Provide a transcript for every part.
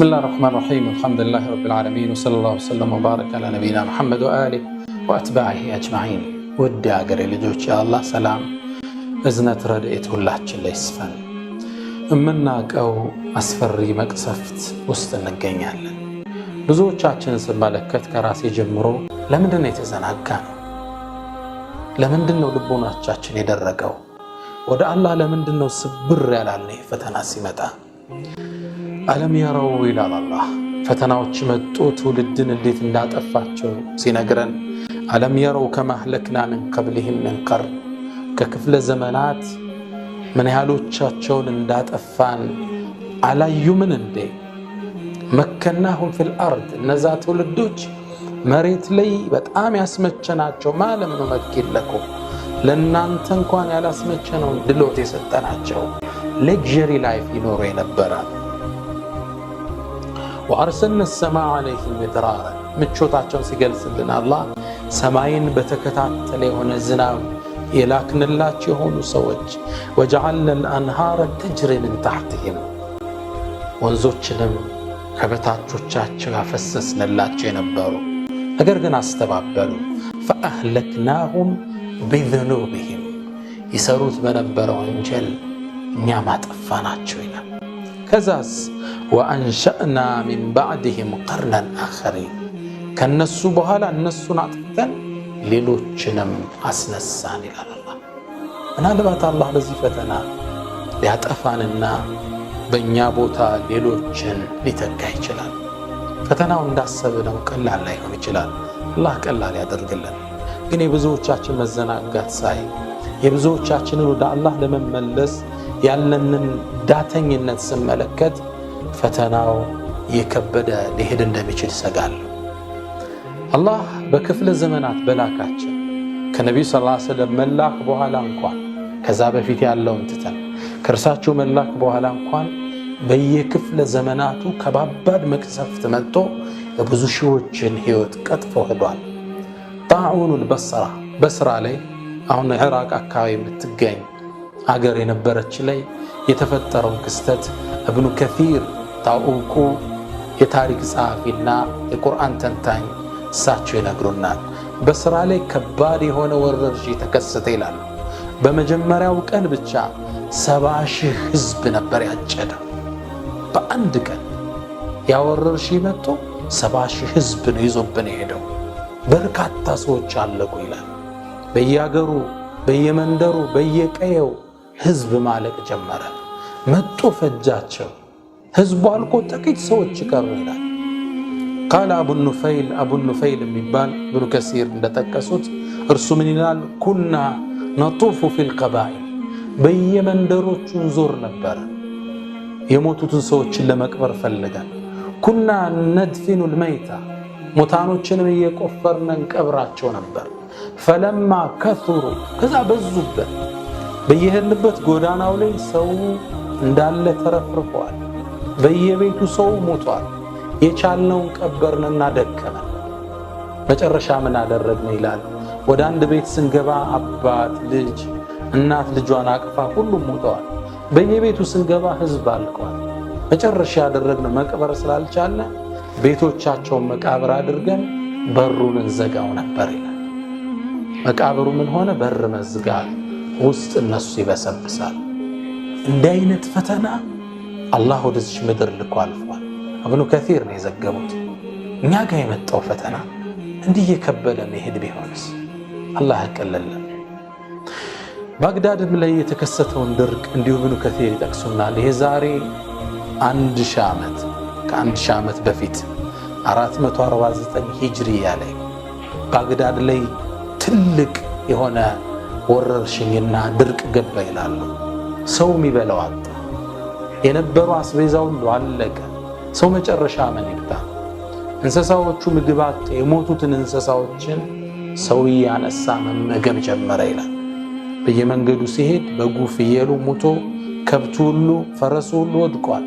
ብስሚላህ ረህማን ረሒም አልሐምዱሊላህ ረቢል ዓለሚን ወሰለላሁ ወሰለም ወባረከ ዓላ ነቢና ሙሐመድ ወአሊህ ወአትባዒህ አጅማዒን። ውድ አገሬ ልጆች የአላህ ሰላም፣ እዝነት፣ ረድኤት ሁላችን ላይ ይስፈን። የምናውቀው አስፈሪ መቅሰፍት ውስጥ እንገኛለን። ብዙዎቻችንን ስመለከት ከራሴ ጀምሮ ለምንድን ነው የተዘናጋ ነው? ለምንድን ነው ልቦናቻችን የደረቀው? ወደ አላህ ለምንድን ነው ስብር ያላልነው? የፈተና ሲመጣ አለም የረው ይላል አላህ። ፈተናዎች መጡ ትውልድን እንዴት እንዳጠፋቸው ሲነግረን አለም የረው ከማህለክና ምን ቀብልህም ምን ቀርብ ከክፍለ ዘመናት ምን ያህሎቻቸውን እንዳጠፋን አላዩምን እንዴ? መከናሁም ፊል አርድ እነዛ ትውልዶች መሬት ላይ በጣም ያስመቸናቸው ማለም ነው መኪለኮ ለእናንተ እንኳን ያላስመቸነውን ድሎት የሰጠናቸው ሌግዠሪ ላይፍ ይኖሩ የነበረ ወአርሰልነ ሰማ ዓለይሂም ሚድራራ ምቾታቸውን ሲገልጽልን አላ ሰማይን በተከታተለ የሆነ ዝናብ የላክንላቸው የሆኑ ሰዎች ወጀዓልነል አንሃረ ተጅሪ ምን ታሕቲሂም ወንዞችንም ከበታቾቻቸው ያፈሰስንላቸው የነበሩ ነገር ግን አስተባበሉ። ፈአህለክናሁም ቢዙኑብሂም ይሰሩት በነበረ ወንጀል እኛም አጠፋናቸው ይላል። ከዛስ ወአንሸእና ሚን ባዕድህም ቀርነን አኸሪን ከነሱ በኋላ እነሱን አጥፍተን ሌሎችንም አስነሳን ይላል አላህ። ምናልባት አላህ በዚህ ፈተና ሊያጠፋንና በእኛ ቦታ ሌሎችን ሊተካ ይችላል። ፈተናው እንዳሰብነው ቀላል ላይሆን ይችላል። አላህ ቀላል ያደርግልን። ግን የብዙዎቻችን መዘናጋት ሳይ የብዙዎቻችንን ወደ አላህ ለመመለስ ያለንን ዳተኝነት ስመለከት ፈተናው የከበደ ሊሄድ እንደሚችል ይሰጋል። አላህ በክፍለ ዘመናት በላካቸው ከነቢዩ ስ ዐለይሂ መላክ በኋላ እንኳን ከዛ በፊት ያለውን ትተን ከእርሳቸው መላክ በኋላ እንኳን በየክፍለ ዘመናቱ ከባባድ መቅሰፍት መጥቶ የብዙ ሺዎችን ህይወት ቀጥፎ ሄዷል። ጣዑኑል በስራ በስራ ላይ አሁን ዕራቅ አካባቢ የምትገኝ አገር የነበረች ላይ የተፈጠረውን ክስተት እብኑ ከፊር ታውቁ የታሪክ ጸሐፊና የቁርአን ተንታኝ እሳቸው ይነግሩናል። በስራ ላይ ከባድ የሆነ ወረርሽኝ ተከሰተ ይላሉ። በመጀመሪያው ቀን ብቻ ሰባ ሺህ ህዝብ ነበር ያጨደው። በአንድ ቀን ያወረርሽኝ መጥቶ ሰባ ሺህ ሕዝብ ነው ይዞብን የሄደው። በርካታ ሰዎች አለቁ ይላል። በየአገሩ በየመንደሩ በየቀየው ህዝብ ማለቅ ጀመረ። መጡ ፈጃቸው። ህዝቡ አልቆ ጥቂት ሰዎች ይቀሩ ይላል። ቃል አቡኑፈይል አቡኑፈይል የሚባል ብኑ ከሲር እንደጠቀሱት እርሱ ምን ይላል? ኩና ነጡፉ ፊል ቀባኢል በየመንደሮቹ ዞር ነበረ። የሞቱትን ሰዎችን ለመቅበር ፈልገን ኩና ነድፊኑ ልመይታ ሙታኖችንም እየቆፈርን እንቀብራቸው ነበር። ፈለማ ከቱሩ ከዛ በዙበት በየሄድንበት ጎዳናው ላይ ሰው እንዳለ ተረፍርፏል። በየቤቱ ሰው ሞቷል። የቻልነውን ቀበርንና ደከመ። መጨረሻ ምን አደረግን ይላል። ወደ አንድ ቤት ስንገባ አባት፣ ልጅ፣ እናት ልጇን አቅፋ ሁሉም ሞተዋል። በየቤቱ ስንገባ ህዝብ አልቀዋል። መጨረሻ ያደረግነው መቅበር ስላልቻለ ቤቶቻቸውን መቃብር አድርገን በሩን እንዘጋው ነበር ይላል። መቃብሩ ምን ሆነ? በር መዝጋት ውስጥ እነሱ ይበሰብሳል። እንዲህ አይነት ፈተና አላህ ወደዚች ምድር ልኮ አልፏል። እብኑ ከሲር ነው የዘገቡት። እኛ ጋር የመጣው ፈተና እንዲህ የከበደ መሄድ ቢሆንስ አላህ ያቀለለን። ባግዳድም ላይ የተከሰተውን ድርቅ እንዲሁ እብኑ ከሲር ይጠቅሱናል። ይሄ ዛሬ አንድ ሺህ ዓመት ከአንድ ሺህ ዓመት በፊት 449 ሂጅሪያ ላይ ባግዳድ ላይ ትልቅ የሆነ ወረርሽኝና ድርቅ ገባ ይላሉ። ሰው የሚበላው አጣ። የነበሩ አስቤዛ ሁሉ አለቀ። ሰው መጨረሻ ምን ይብታ! እንስሳዎቹ ምግብ አጡ። የሞቱትን እንስሳዎችን ሰው እያነሳ መመገብ ጀመረ ይላል። በየመንገዱ ሲሄድ በጉ፣ ፍየሉ ሙቶ ከብቱ ሁሉ ፈረሱ ሁሉ ወድቋል።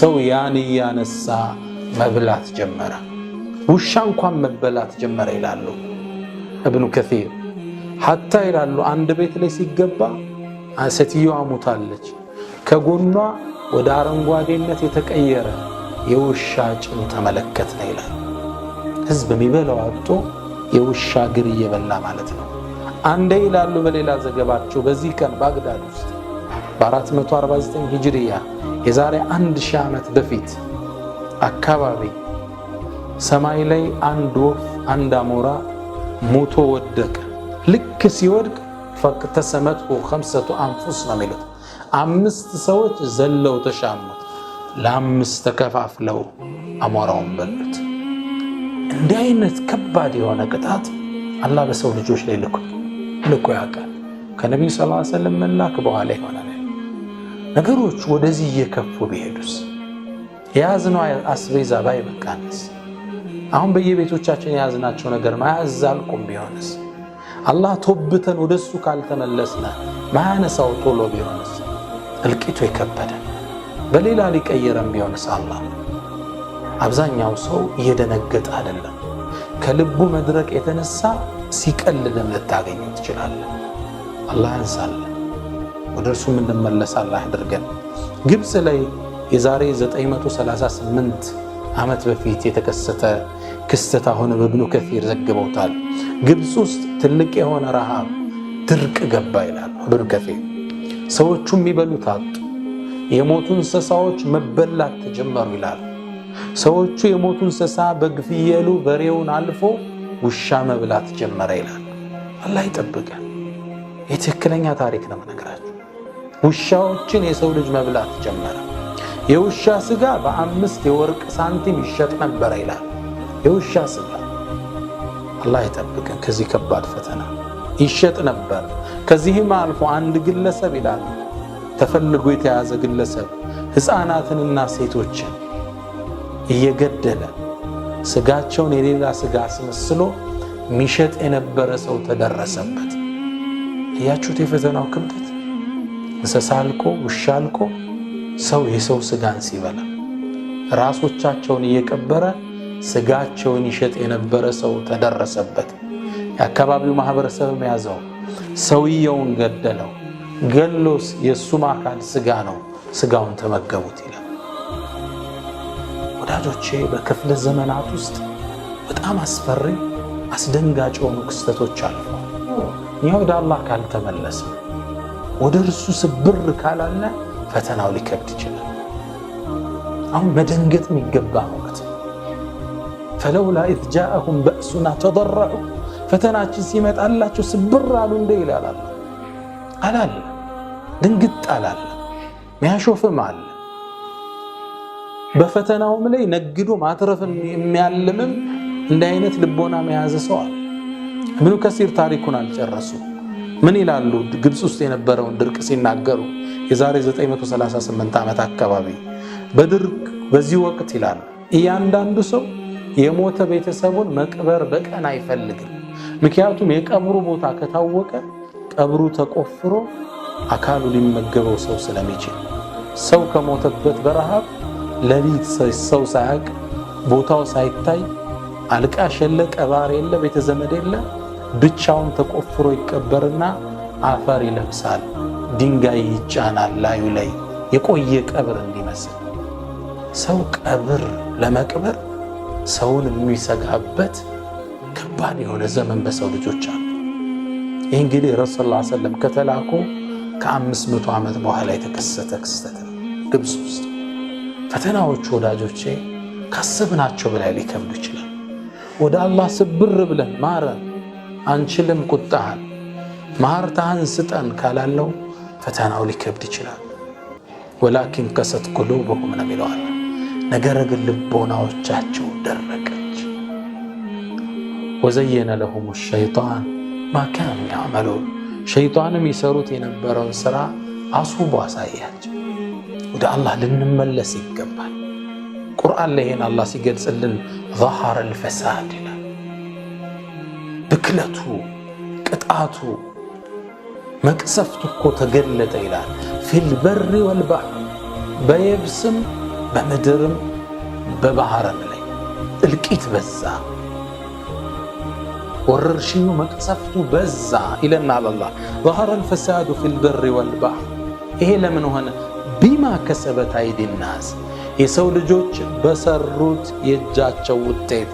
ሰው ያን እያነሳ መብላት ጀመረ። ውሻ እንኳን መበላት ጀመረ ይላሉ እብኑ ከሲር ሀታ ይላሉ አንድ ቤት ላይ ሲገባ ሴትዮዋ ሙታለች። ከጎኗ ወደ አረንጓዴነት የተቀየረ የውሻ ጭን ተመለከትን ይላል። ህዝብ የሚበላው አጥቶ የውሻ እግር እየበላ ማለት ነው። አንዴ ይላሉ በሌላ ዘገባቸው በዚህ ቀን ባግዳድ ውስጥ በ449 ሂጅሪያ የዛሬ አንድ ሺህ ዓመት በፊት አካባቢ ሰማይ ላይ አንድ ወፍ አንድ አሞራ ሙቶ ወደቀ። ልክ ሲወድቅ ፈቅተሰመትሁ ከምሰቱ አንፉስ ነው የሚሉት። አምስት ሰዎች ዘለው ተሻሙት፣ ለአምስት ተከፋፍለው አሞራውን በሉት። እንዲህ አይነት ከባድ የሆነ ቅጣት አላህ በሰው ልጆች ላይ ልኮ ልኮ ያውቃል። ከነቢዩ ሰለላሁ ዐለይሂ መላክ በኋላ የሆነ ነገሮች ወደዚህ እየከፉ ቢሄዱስ የያዝነው አስቤዛ ባይበቃንስ? አሁን በየቤቶቻችን የያዝናቸው ነገር ማያዝ አልቁም ቢሆንስ? አላህ ቶብተን ወደ እሱ ካልተመለስነ ማያነሳው ቶሎ ቢሆንስ እልቂቱ የከበደ በሌላ ሊቀየረን ቢሆንስ? አላህ አብዛኛው ሰው እየደነገጠ አይደለም። ከልቡ መድረቅ የተነሳ ሲቀልድም ልታገኙ ትችላለን። አላህ ያንሳለን፣ ወደ እርሱ እንድንመለስ አላህ ያድርገን። ግብፅ ላይ የዛሬ 938 ዓመት በፊት የተከሰተ ክስተት አሁን በብኑ ከፊር ዘግበውታል። ግብፅ ውስጥ ትልቅ የሆነ ረሃብ ድርቅ ገባ ይላል ብኑ ከፊር። ሰዎቹ የሚበሉት አጡ፣ የሞቱ እንስሳዎች መበላት ተጀመሩ ይላል። ሰዎቹ የሞቱ እንስሳ በግፍየሉ በሬውን አልፎ ውሻ መብላት ጀመረ ይላል። አላህ ይጠብቀን። የትክክለኛ ታሪክ ነው የምነግራችሁ። ውሻዎችን የሰው ልጅ መብላት ጀመረ። የውሻ ስጋ በአምስት የወርቅ ሳንቲም ይሸጥ ነበረ ይላል። የውሻ ስጋ አላህ ይጠብቀን ከዚህ ከባድ ፈተና። ይሸጥ ነበር። ከዚህም አልፎ አንድ ግለሰብ ይላል ተፈልጎ የተያዘ ግለሰብ ሕፃናትንና ሴቶችን እየገደለ ስጋቸውን የሌላ ስጋ አስመስሎ ሚሸጥ የነበረ ሰው ተደረሰበት። እያችሁት የፈተናው ክብደት። እንስሳ አልቆ ውሻ አልቆ ሰው የሰው ስጋን ሲበላ ራሶቻቸውን እየቀበረ ስጋቸውን ይሸጥ የነበረ ሰው ተደረሰበት። የአካባቢው ማህበረሰብም ያዘው፣ ሰውየውን ገደለው። ገሎስ የእሱም አካል ስጋ ነው፣ ስጋውን ተመገቡት ይላል። ወዳጆቼ በክፍለ ዘመናት ውስጥ በጣም አስፈሪ አስደንጋጭ የሆኑ ክስተቶች አሉ። እኛ ወደ አላህ ካልተመለሰ ወደ እርሱ ስብር ካላለ ፈተናው ሊከብድ ይችላል። አሁን መደንገጥ የሚገባ ነው። ፈለውላ ኢዝ ጃአሁም በእሱና ተደረዑ ፈተናችን ሲመጣላቸው ስብር አሉ እንደ ይላል አላለ። ድንግጥ አላለ። ሚያሾፍም አለ። በፈተናውም ላይ ነግዶ ማትረፍን የሚያልምም እንደ አይነት ልቦና መያዘ ሰው አለ። እብኑ ከሲር ታሪኩን አልጨረሱ። ምን ይላሉ? ግብፅ ውስጥ የነበረውን ድርቅ ሲናገሩ የዛሬ 938 ዓመት አካባቢ በድርቅ በዚህ ወቅት ይላሉ እያንዳንዱ ሰው የሞተ ቤተሰቡን መቅበር በቀን አይፈልግም። ምክንያቱም የቀብሩ ቦታ ከታወቀ ቀብሩ ተቆፍሮ አካሉ ሊመገበው ሰው ስለሚችል ሰው ከሞተበት በረሃብ ለሊት ሰው ሳያቅ ቦታው ሳይታይ አልቃሽ የለ፣ ቀባር የለ፣ ቤተዘመድ የለ፣ ብቻውን ተቆፍሮ ይቀበርና አፈር ይለብሳል፣ ድንጋይ ይጫናል ላዩ ላይ የቆየ ቀብር እንዲመስል ሰው ቀብር ለመቅበር ሰውን የሚሰጋበት ከባድ የሆነ ዘመን በሰው ልጆች አሉ። ይህ እንግዲህ ረሱ ላ ሰለም ከተላኩ ከአምስት መቶ ዓመት በኋላ የተከሰተ ክስተት ነው። ግብፅ ውስጥ ፈተናዎቹ ወዳጆቼ ካሰብናቸው በላይ ሊከብዱ ይችላል። ወደ አላህ ስብር ብለን ማረን አንችልም። ቁጣህን ማርታህን ስጠን ካላለው ፈተናው ሊከብድ ይችላል። ወላኪን ከሰት ቁሉብሁም ነው የሚለዋል ነገር ግን ልቦናዎቻቸው ደረቀች። ወዘየነ ለሁሙ ሸይጣን ማካኑ ያዕመሉን ሸይጣንም ይሰሩት የነበረውን ስራ አስውቦ አሳያቸው። ወደ አላህ ልንመለስ ይገባል። ቁርአን ላይ ይሄን አላህ ሲገልጽልን ظهر الفساد ይላል። ብክለቱ፣ ቅጣቱ፣ መቅሰፍቱ እኮ ተገለጠ ይላል ፊልበሪ ወልባህር በየብስም በምድርም በባህርም ላይ እልቂት በዛ፣ ወረርሽኙ መቅሰፍቱ በዛ ይለናል አላህ። ظهر الفساد في البر والبحر ይሄ ለምን ሆነ? ቢማ ከሰበት አይዲን ናስ የሰው ልጆች በሰሩት የእጃቸው ውጤት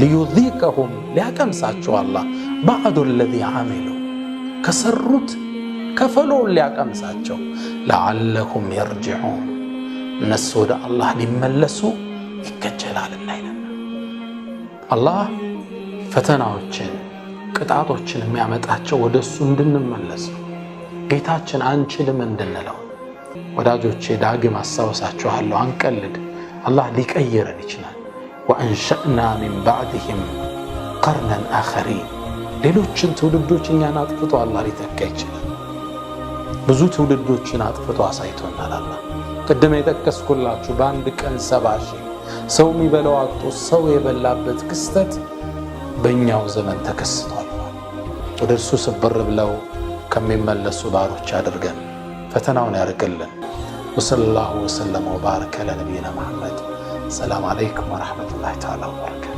ሊዩዚቀሁም ሊያቀምሳቸው አላህ ባዕዱ ለዚ አሚሉ ከሰሩት ከፈሎውን ሊያቀምሳቸው ለዓለሁም የርጅዑን እነሱ ወደ አላህ ሊመለሱ ይከጀላልና ይለን። አላህ ፈተናዎችን ቅጣቶችን የሚያመጣቸው ወደ እሱ እንድንመለስ ነው። ጌታችን አንችልም እንድንለው ወዳጆቼ፣ ዳግም አስታውሳችኋለሁ፣ አንቀልድ። አላህ ሊቀይረን ይችላል። ወአንሸእና ሚን ባዕድህም ቀርነን አኸሪን ሌሎችን ትውልዶች እኛን አጥፍቶ አላህ ሊተካ ይችላል። ብዙ ትውልዶችን አጥፍቶ አሳይቶናል። ቅድም የጠቀስኩላችሁ በአንድ ቀን ሰባ ሺህ ሰው የሚበላው አጥቶ ሰው የበላበት ክስተት በእኛው ዘመን ተከስቷል። ወደ እርሱ ስብር ብለው ከሚመለሱ ባሮች አድርገን ፈተናውን ያርቅልን። ወሰላሁ ወሰለመ ወባረከ ለነቢይና መሐመድ። ሰላም አለይኩም ወረሕመቱላሂ ተዓላ ወበረካቱ